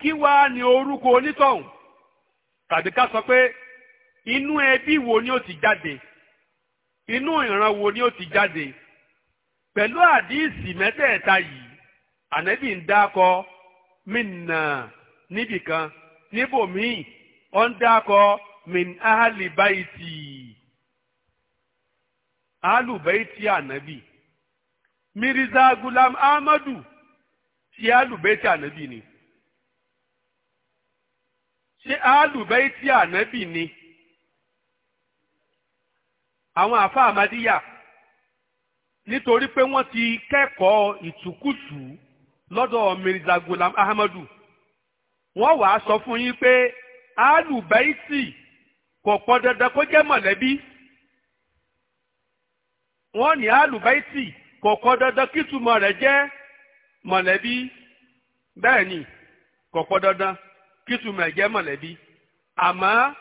kí wá ní orúkọ onítọ̀hún tàbí ká sọ pé inú ẹbí wo ni ó ti jáde inú ìran wo ni ó ti jáde pẹ̀lú àdíìsì mẹ́tẹ̀ẹ̀ta yìí ànábì ń dákọ mìnà níbìkan níbòmíì ó ń dákọ min ahali baiti ànábì mirza gulam ahmadu ṣe ahalu ànábì ni ṣé alùbẹ́ẹ̀tì ànábì ni àwọn àfa àmàdíyà nítorí pé wọ́n ti kẹ́kọ̀ọ́ ìtùkùtù lọ́dọ̀ Mirza Gulam Ahmadu wọ́n wàá sọ fún yín pé alùbẹ́ẹ̀tì kò pọn dandan kó jẹ́ mọ̀lẹ́bí wọ́n ní alùbẹ́ẹ̀tì kò pọn dandan kí ìtumọ̀ rẹ̀ jẹ́ mọ̀lẹ́bí bẹ́ẹ̀ ni kò pọn dandan. kitu megamon le bi ama ma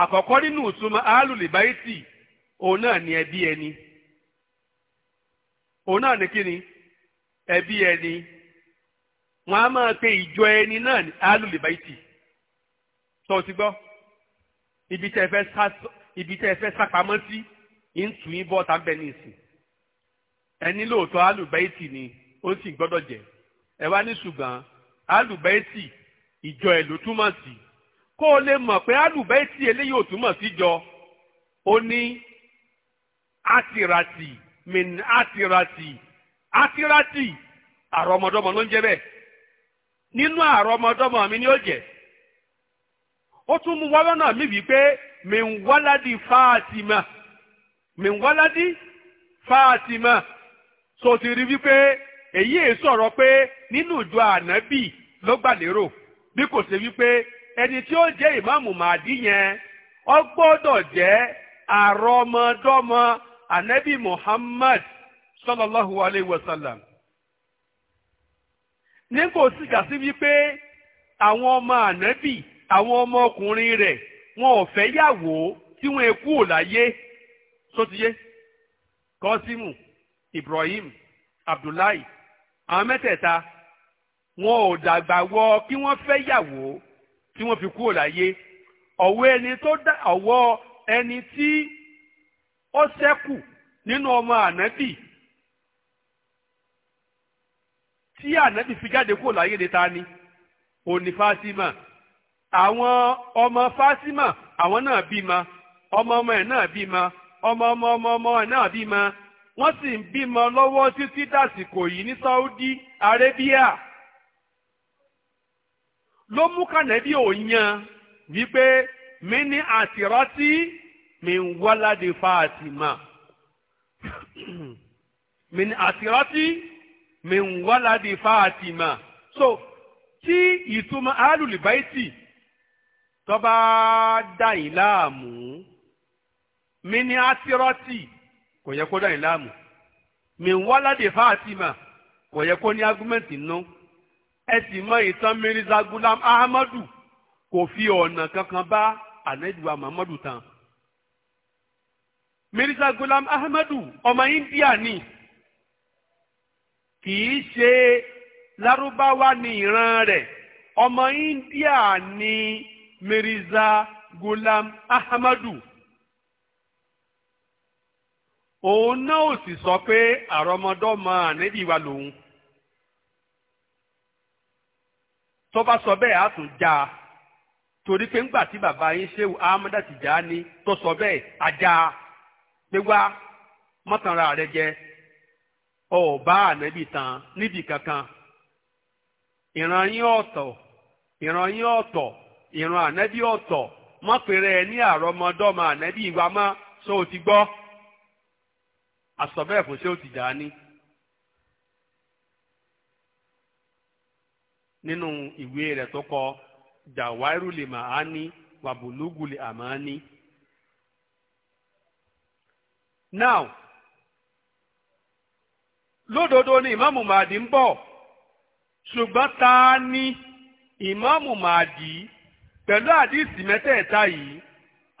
akọkọrinu tụma alulibaiti o naa ni ebi eni o naa nikiri ebi eni nwaa ma pe ijo eni naa ni alulibaiti sọtigbo ibi ije efe sapamasi into import and benin si eni looto alubaiti ni o si gbodo je ewa nisugan alubaiti ìjọ ẹ̀ ló túmọ̀ sí kó o lè mọ̀ pé alùbẹ́ẹ̀tì eléyìí ò túmọ̀ sí jọ ó ní àtìràtì mìn àtìràtì àtìràtì àrọmọdọ́mọ ló ń jẹ́ bẹ́ẹ̀ nínú àrọmọdọ́mọ mi ni ó jẹ́ ó tún mú wá lọ́nà mi wípé mìn wáládì fáàtìmà mìn wáládì fáàtìmà sọ ti rí wípé èyí è sọ̀rọ̀ pé nínú ìjọ ànábì ló gbà lérò. bí kò ṣe wípé ẹni tí ó jẹ́ ìmáàmù màdí yẹn ó gbọ́dọ̀ jẹ́ àrọmọdọ́mọ ànábì Muhammad sallallahu alayhi wa sallam ní kò sì gà sí wípé àwọn ọmọ anabi àwọn ọmọ rẹ rẹ̀ wọn ò fẹ́ yàwó tí wọ́n ekú ò láyé sótìyé kọ́símù Ibrahim Abdullahi àwọn mẹ́tẹ̀ẹ̀ta wọn ò dàgbà wọ kí wọ́n fẹ́ yàwó tí wọ́n fi kúrò láyé ọ̀wọ́ ẹni tó dá ọ̀wọ́ ẹni tí ó ṣẹ́kù nínú ọmọ ànábì tí ànábì fi jáde kúrò láyé ni ta ni òní fásímà àwọn ọmọ fásímà àwọn náà bímọ ọmọ ọmọ ẹ̀ náà bímọ ọmọ ọmọ ọmọ ọmọ ẹ̀ náà bímọ wọ́n sì ń bímọ lọ́wọ́ títí dàsìkò yìí ní Saudi Arabia. ló mú kànẹ́bí ò yan wípé mi ní àtìrọ́tì mi ń wọ́ládé Fátímà mi ní àtìrọ́tì mi ń wọ́ládé Fátímà so tí ìtumọ̀ alùlùbáìtì tó bá dà yín láàmú mi ní àtìrọ́tì kò yẹ kó dà yín láàmú mi ń wọ́ládé Fátímà kò yẹ kó ní agúmẹ̀ntì nù ẹ sì mọ ìtàn Mirza Gulam Ahmadu kò fi ọ̀nà kankan bá ànẹ́dùwà Muhammadu tán. Mirza Gulam Ahmadu ọmọ India ni kì í ṣe Lárúbáwá ni ìran rẹ̀ ọmọ India ni Mirza Gulam Ahmadu òun náà ò sì sọ pé àrọmọdọ́mọ ànẹ́dùwà lòun. tó bá sọ bẹ́ẹ̀ á tún já a torí pé ńgbà tí bàbá yín ṣéwù já Tijani tó sọ bẹ́ẹ̀ á já a pé wá mọ́tànra rẹ jẹ ọ̀ọ́bá ànábì tán níbi kankan ìran yín ọ̀tọ̀ ìran yín ọ̀tọ̀ ìran ànábì ọ̀tọ̀ mọ́pẹ̀rẹ̀ ẹ ní àrọ́mọdọ́mọ ànábì wa mọ́ sọ ti gbọ́ àsọ̀bẹ́ẹ̀ fún ti nínú ìwé rẹ̀ tó kọ jàwáírù lè máa ní wàbùlùgù lè àmọ́ ní. now lódodo ni ìmáàmù màdì ń bọ̀ ṣùgbọ́n ta ni ìmáàmù màdì pẹ̀lú àdìsí mẹ́tẹ̀ẹ̀ta yìí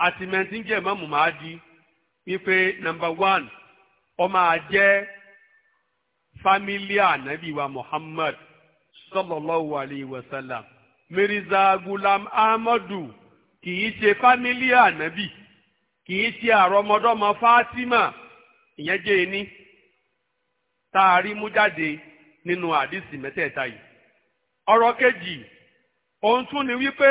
àti mẹ́tíńjẹ́ ìmáàmù màdì wípé nọ́mbà one ó máa jẹ́ fámílì ànábì wa Muhammad sallallahu alayhi wa sallam mirza gulam ahmadu kì í ṣe fámílì ànábì kì í ṣe àrọmọdọ́mọ fátímà ìyẹn jẹ́ ení tá a rí mú jáde nínú àdìsí mẹ́tẹ̀ẹ̀ta yìí ọ̀rọ̀ kejì òun tún ni wípé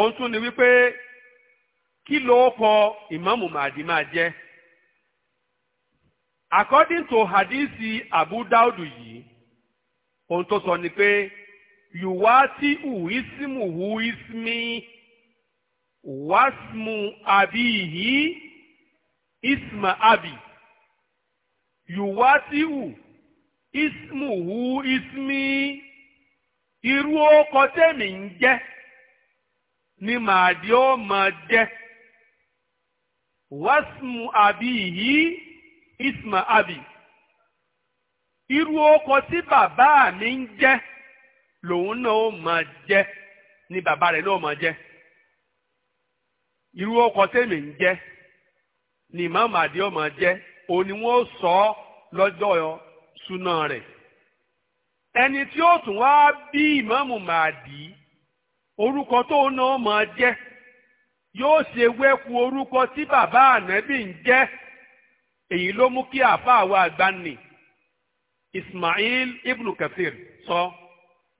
òun tún ni wípé kí ló kọ ìmáàmù màdì jẹ́ according to hadisi Abu Daudu yìí ohun tó sọ ni pé yùwá tí ùísímù ùísímì wasmu abi yìí isma abi yùwá tí ù ìsìmù ùísímì irú ọkọ tẹ̀mí ń jẹ́ ni màdí ó máa jẹ́ wasmu abi yìí. isma abi irú ọkọ tí bàbá mi ń jẹ, lòun náà ó máa jẹ ni bàbá rẹ̀ náà máa jẹ. irú ọkọ mi ń jẹ, ni ìmáàmù o ó máa o òun ni wọ́n sọ ọ́ lọ́jọ́ súná rẹ̀ ẹni tí ó tún wá bí orúkọ náà máa yóò ṣe wẹ́kú orúkọ tí èyí ló mú kí àáfàá wa àgbáni Ismail ibn Kathir sọ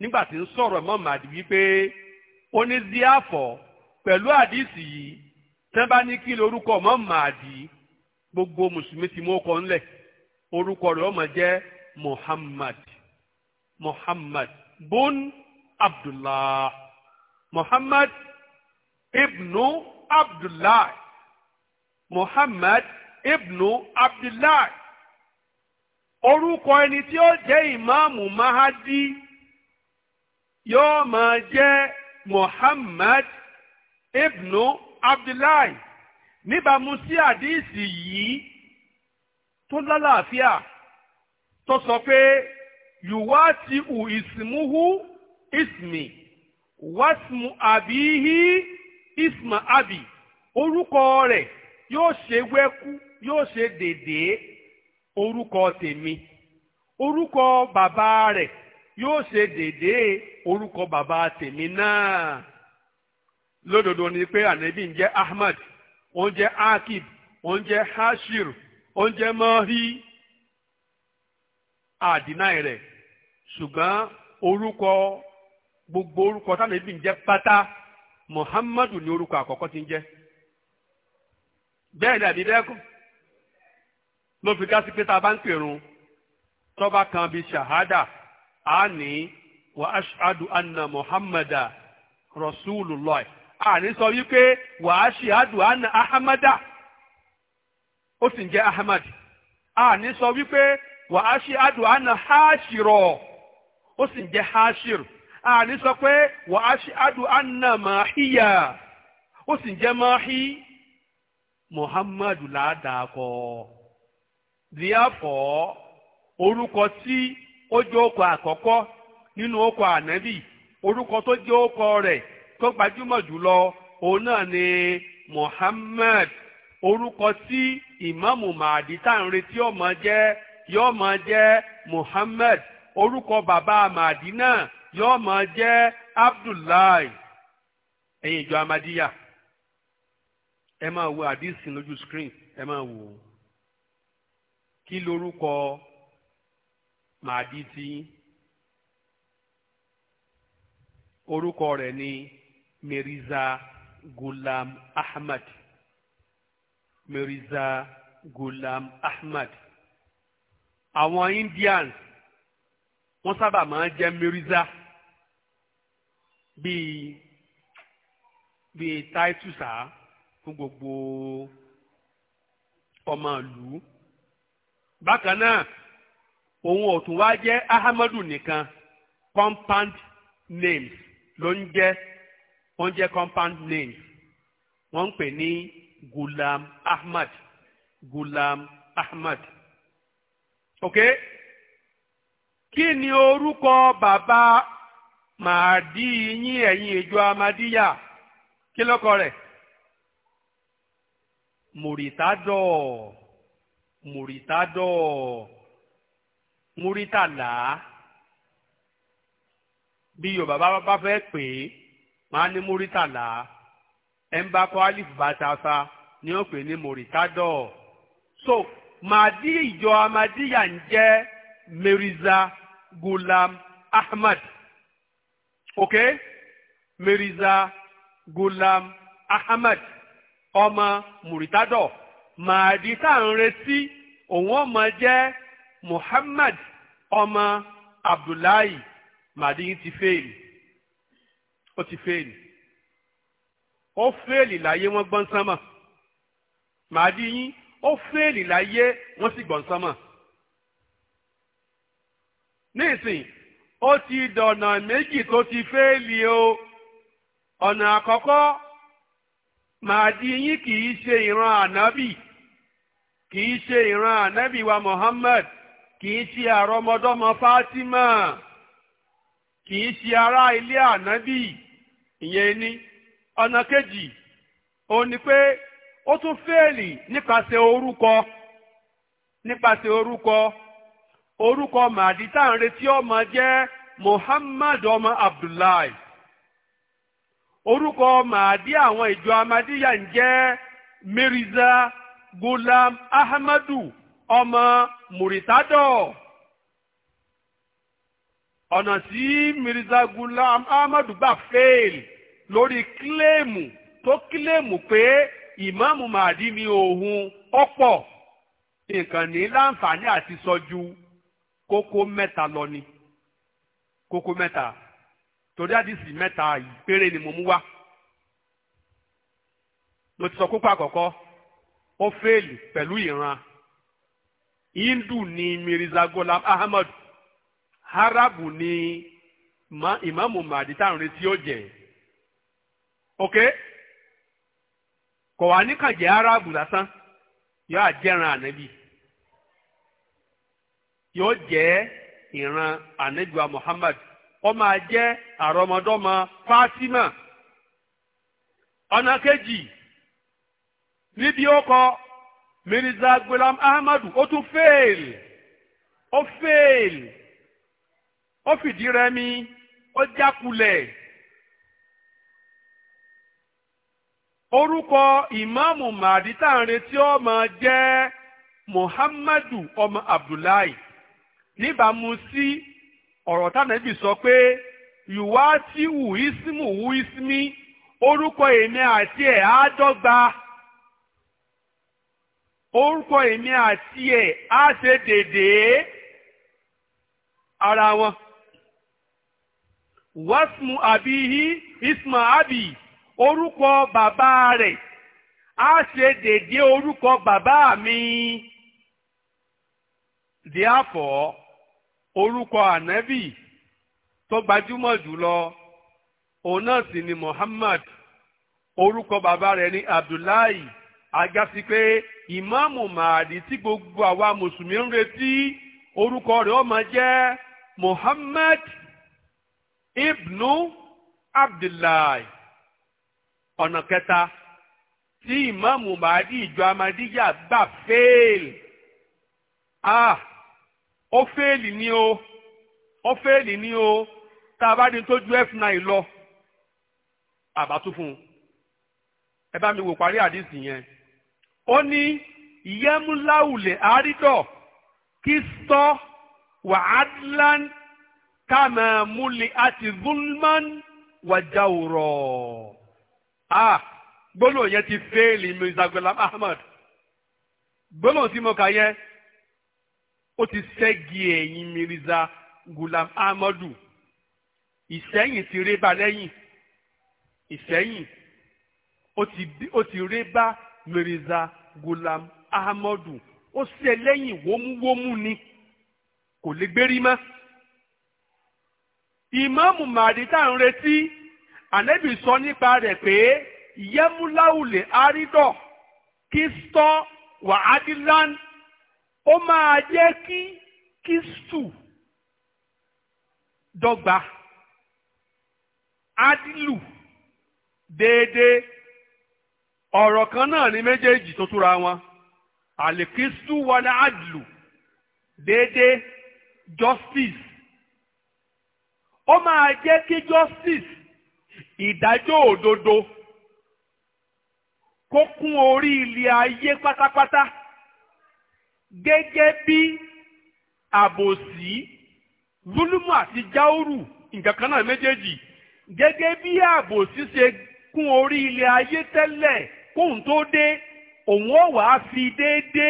nígbà tí ń sọ̀rọ̀ mọ́ màdì wípé ó ní ziáfọ̀ pẹ̀lú àdìsí yìí tí wọ́n bá ní kí lorúkọ mọ́ màdì gbogbo mùsùlùmí ti mú ọkọ ńlẹ̀ orúkọ rẹ̀ ọmọ jẹ́ Muhammad Muhammad bun Abdullah Muhammad ibnu Abdullah Muhammad ibnu abdullahi orúkọ ẹni tí ó jẹ́ ìmáàmù mahadi yóò máa jẹ́ muhammad ibnu abdullahi níbàámu sí àdíìsì yìí tó lálàáfíà tó sọ pé yùwá ti hù ìsìmúhú ìsìmì wàsímù àbíhí ìsìmà àbí orúkọ rẹ̀ yóò ṣe wẹ́kú yóò ṣe dédé orúkọ tèmi orúkọ bàbá rẹ̀ yóò ṣe dédé orúkọ bàbá tèmi náà lódodo ni pé ànábì ń jẹ́ Ahmad ó ń Akib Hashir Mahi rẹ̀ orúkọ gbogbo orúkọ tánàbí ń Muhammadu ni orúkọ ló fi ká sí pé tá a bá ń pèrun tọ́ba kan bíi a ní adu ashadu anna muhammada rasulullah a ní sọ wípé wa ashadu anna ahamada ó sì ń jẹ́ ahmad a ní sọ wípé wa ashadu anna hashiro ó sì ń jẹ́ hashir a ní sọ pé wa adu anna mahiya ó sì ń jẹ́ mahi muhammadu ládàá kọ́. díàpọ̀ orúkọ tí ó jẹ́ ọkọ akọkọ nínú orúkọ ànábì orúkọ tó jẹ́ orúkọ rẹ tó gbajúmọ̀ jùlọ òun náà ni Muhammad orúkọ tí ìmáàmù màdí tá à ń retí ọmọ jẹ́ náà mọ jẹ́ Abdullahi ìjọ amadiya ẹ máa wo lójú screen ẹ máa wò kí lorúkọ màdí tí orúkọ rẹ̀ ni Mirza Gulam Ahmad Mirza Gulam Ahmad àwọn Indians wọ́n sábà máa ń jẹ́ Mirza bíi bíi taitusa fún gbogbo ọmọ ìlú bákan náà òun ọ̀tún wá jẹ́ ahamadu nìkan compound names ló ń jẹ́ wọ́n jẹ́ compound names wọ́n ń pè ní gulam ahmad gulam ahmad ok kí ni orúkọ bàbá màdí yín ẹ̀yin ìjọ amadíyà kí lọ́kọ rẹ̀ mùrìtádọ́ọ̀. mùrìtádọ̀ múrítàlá bí yorùbá bá bá fẹ́ pè é máa ní múrítàlá ẹ̀ ń kọ́ alif bàtàfà ni ó pè ní mùrìtádọ̀ so màdí ìjọ amadíyà ń jẹ́ meriza gulam ahmad ok meriza gulam ahmad ọmọ mùrìtádọ̀ màdí tá à ń retí òun ó máa Muhammad ọmọ Abdullahi màdí yìí ti fèèlì ó ti fèèlì ó fèèlì láyé wọ́n gbọ́n sánmà màdí yìí ó fèèlì láyé wọ́n sì gbọ́n sánmà nísìn ó ti dọ̀nà méjì tó ti fèèlì o ọ̀nà àkọ́kọ́ màdí yìí kì í ṣe ìran ànábì. kì í ṣe ìran ànábì wa Muhammad kì í ṣe àrọmọdọmọ Fátímà kì í ṣe ará ilé ànábì ìyẹn ni ọ̀nà kejì ò ni pé ó tún fẹ́ẹ̀lì nípasẹ̀ orúkọ nípasẹ̀ orúkọ orúkọ màdí tá à ń retí ọmọ jẹ́ Muhammad ọmọ Abdullahi orúkọ màdí àwọn ìjọ amadíyà ń jẹ́ Mirza gulam ahmadu ọmọ muritadọ ọ̀nà tí mirza gulam ahmadu gbà fail lórí kílèmù tó kílèmù pé ìmáàmù màdí ni òun ọ̀pọ̀ nǹkan ní láǹfààní àti sọjú kókó mẹ́ta lọ ni kókó mẹ́ta torí àdìsí mẹ́ta yìí péré ni mo mú wá mo ti sọ kókó àkọ́kọ́. ofeeli fẹ́ẹ̀lì pẹ̀lú ìran hindu ni mirza golam ahmad harabu ni imamu màdí táwọn ti o jẹ ok kò wá níkàn je harabu lásán yóò àjẹran ànábì yóò jẹ ìran ànábìwa muhammad ó máa jẹ àrọmọdọ́mọ fatima ọ̀nà kejì. níbi ó kọ Mirza Ghulam Ahmadu ó tún fail ó fail ó fìdí rẹmi ó jákulẹ̀ orúkọ ìmáàmù màdí tá à ń retí ó máa Muhammadu ọmọ Abdullahi níbàámu sí ọ̀rọ̀ tánàbì sọ pé ìwá tí wù ísímù wù ísímì orúkọ èmi àti ẹ̀ á dọ́gba. orúkọ èmi àti ẹ̀ á ṣe dèdè ara wọn wàsmù àbíyí ismà àbí orúkọ bàbá rẹ̀ á ṣe dèdè orúkọ bàbá mi therefore orúkọ ànábì tó gbajúmọ̀ jùlọ òun náà sì ni Muhammad orúkọ bàbá rẹ̀ ní Abdullahi agasi pé ìmáàmù màdì tí gbogbo àwa mùsùlùmí ń retí orúkọ rẹ̀ ó máa jẹ́ Muhammad ibnu Abdullahi ọ̀nà kẹta tí ìmáàmù màdì ìjọ amadíyà gbà fẹ́ẹ̀lì ah ó fẹ́ẹ̀lì ni o ó fẹ́ẹ̀lì ni o tá a bá ní tó ju f9 lọ àbá tún fún un ẹ bá mi wò parí àdìsí yẹn ó ní yẹmúláwùlẹ̀ àrídọ̀ kìstọ́ wàhálàn kàmẹ́múlẹ̀ àti zulman wàjáwùrọ̀. a gbólóhùn yẹn ti fẹ́ẹ̀lì Mirza Ghulam Ahmad gbólóhùn tí mo kà yẹn ó ti ṣẹ́gi ẹ̀yìn Mirza Ghulam Ahmadu ìsẹ́yìn ti rébà lẹ́yìn ìsẹ́yìn ó ti rébà mirza gulam ahmadu ó sì ẹ lẹ́yìn wómúwómú ni kò lè gbérí mọ́. ìmáàmù màdí tá à ń retí ànẹ́bì sọ nípa rẹ̀ pé yẹmúláwùlẹ̀ àrídọ̀ kìstọ́ wàhádìlán ó máa jẹ́ kí kìstù dọ́gba adilu déédéé ọ̀rọ̀ kan náà ni méjèèjì tó túra wọn alikistu wala adlu déédéé justice ó máa jẹ́ kí justice ìdájọ́ òdodo kó kún orí ilé ayé pátápátá gẹ́gẹ́ bí àbòsí zulumu àti jáúrù nǹkan kan náà méjèèjì gẹ́gẹ́ bí àbòsí ṣe kún orí ilé ayé tẹ́lẹ̀ kóhun tó dé òun ó wàá fi déédé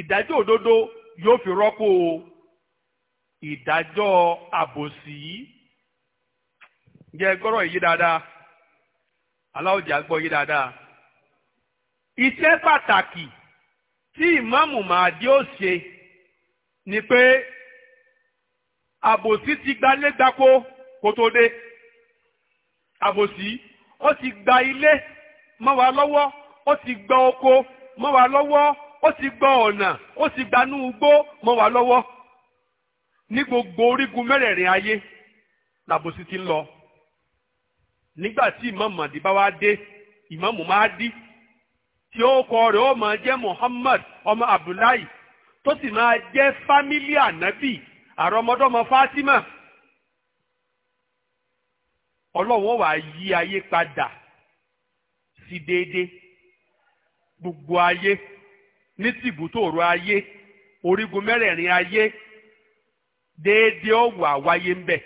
ìdájọ́ òdodo yóò fi rọ́pò ìdájọ́ àbòsí jẹ́ gbọ́rọ̀ yìí dáadáa aláwòjá gbọ́ yìí dáadáa iṣẹ́ pàtàkì tí ìmáàmù màdí ó ṣe ni pé àbòsí ti gbalé gbáko kó tó dé àbòsí ó ti gba ilé mọ́ wa lọ́wọ́ ó ti gba oko mọ́ wa lọ́wọ́ ó ti gba ọ̀nà ó ti gbanú ugbó mọ́ wa lọ́wọ́ ní gbogbo orígun mẹ́rẹ̀ẹ̀rin ayé làbòsí ti lọ nígbà tí bá wá dé tí ó kọ rẹ̀ ó Muhammad ọmọ Abdullahi tó sì máa jẹ́ fámílì ànábì Fátímà ọlọ́run wàá yí ayé ti déédé gbogbo ayé ní tìbútòrò ayé orígun mẹ́rẹ̀ẹ̀rin ayé déédé ọ̀wà wáyé ń bẹ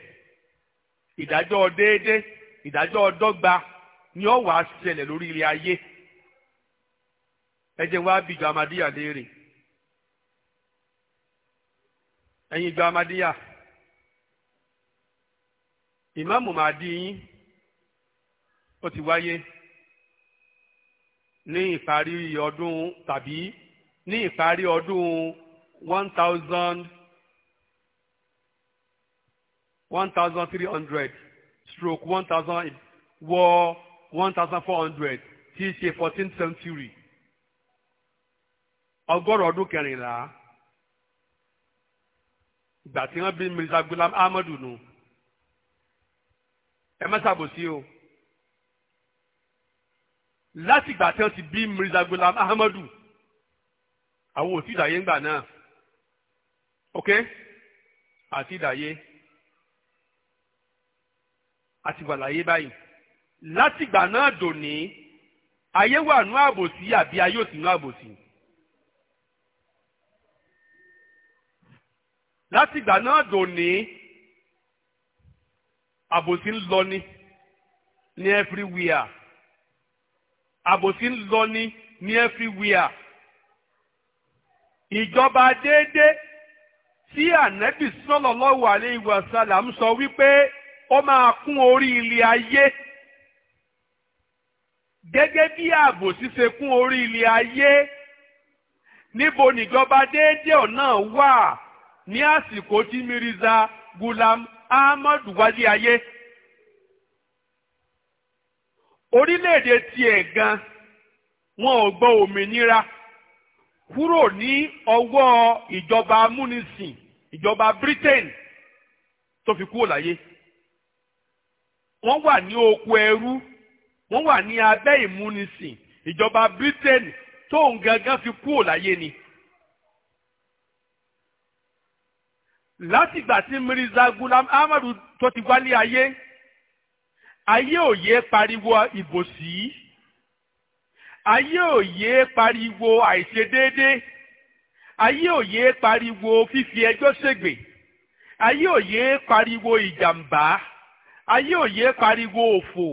ìdájọ́ déédé ìdájọ́ ọdọ́gba ni ó wàá ṣẹlẹ̀ lórí ilé ayé ẹ jẹ́ wá bí ìjọ amadíyà léèrè ẹ̀yin ìjọ amadíyà ìmáàmù màdí yín ó ti wáyé. ní ìparí ọdún tàbí ní ìparí ọdún one thousand one thousand three hundred stroke one thousand wọ one thousand four hundred tí í ṣe fourteenth century ọgọ́rùn ọdún kẹrìnlá ìgbà tí wọ́n bí Mirza Ghulam Ahmadu nù ẹ má o láti ìgbà tí wọ́n ti bí Mirza Ghulam Ahmadu àwọn ò tí ìdàyé ńgbà náà ok àti ìdàyé àti ìgbàláyé báyìí láti ìgbà náà dòní ayé wà nú àbòsí àbí ayé ò sí nú àbòsí. láti ìgbà náà dòní àbòsí ń lọ ní everywhere àbòsí ń lọ ní ní everywhere ìjọba déédé tí ànẹ́bì sallallahu alayhi wa sallam sọ wípé ó máa kún orí ilé ayé gẹ́gẹ́ bí àbòsí ṣe kún orí ilé ayé níbo níjọba déédé ọ̀nà wà ní àsìkò tí Mirza Gulam Ahmadu wálé ayé orílẹ̀-èdè tiẹ̀ gan wọn ò gbọ́ òmìnira kúrò ní ọwọ́ ìjọba amúnisìn ìjọba Britain tó fi kúrò láyé wọ́n wà ní oko ẹrú wọ́n wà ní abẹ́ ìmúnisìn ìjọba Britain tó ń gangan fi kúrò láyé ni. látìgbà tí Mirza Gulam Ahmadu tó ti wálé ayé ayé òye pariwo ìbòsí ayé òye pariwo àìṣedéédé ayé òye pariwo fífi ẹjọ́ ṣègbè ayé òye pariwo ìjàmbá ayé òye pariwo òfò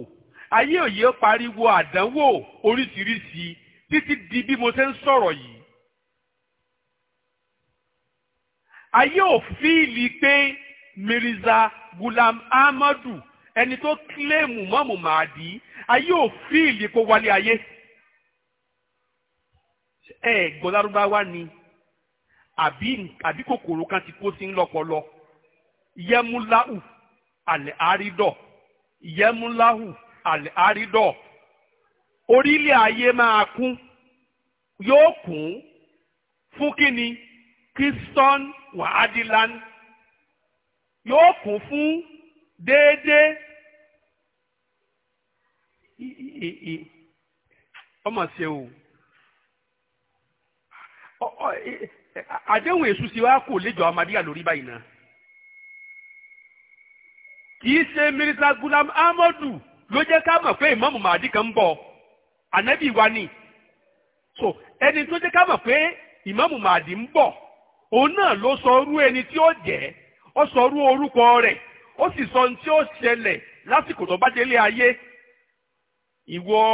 ayé òye pariwo àdánwò oríṣiríṣi títí di bí mo ṣe ń sọ̀rọ̀ yìí. ayé òfìlì pé Mirza Gulam Ahmadu ẹni tó kílèmù mọ́mù màdí ayé ò fíìlì kó wálé ayé ẹ gbọ́ lárúbáwá ni àbí àbí kòkòrò kan ti kó sí ń lọ́pọlọ yẹmúláhù àlẹ́ àrídọ̀ yẹmúláhù àlẹ́ àrídọ̀ orílẹ̀ ayé máa kún yóò kún fún kíni Kingston wàhádìlan yóò kún fún déédéé ọmọ ṣe o àdéhùn èṣù ti wá kò léjọ amadíyà lórí báyìí náà kì í ṣe mirisa gulam amadu ló jẹ́ ká mọ̀ pé ìmọ̀mù màdí kan ń bọ̀ ànábì wa ni so ẹni tó jẹ́ ká mọ̀ pé ìmọ̀mù màdí ń bọ̀ òun náà ló sọ orú ẹni tí ó jẹ́ ó sọ orú orúkọ rẹ̀ ó sì sọ ohun tí ó ṣẹlẹ̀ lásìkò tó bá délé ayé ìwọ